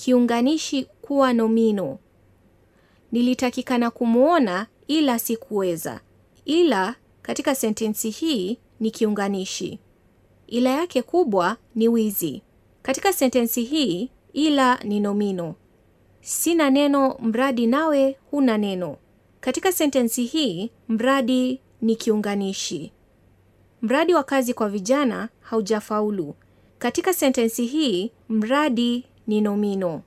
kiunganishi kuwa nomino. Nilitakikana kumwona ila sikuweza. Ila katika sentensi hii ni kiunganishi. Ila yake kubwa ni wizi. Katika sentensi hii ila ni nomino. Sina neno mradi nawe huna neno. Katika sentensi hii mradi ni kiunganishi. Mradi wa kazi kwa vijana haujafaulu. Katika sentensi hii mradi 二の実の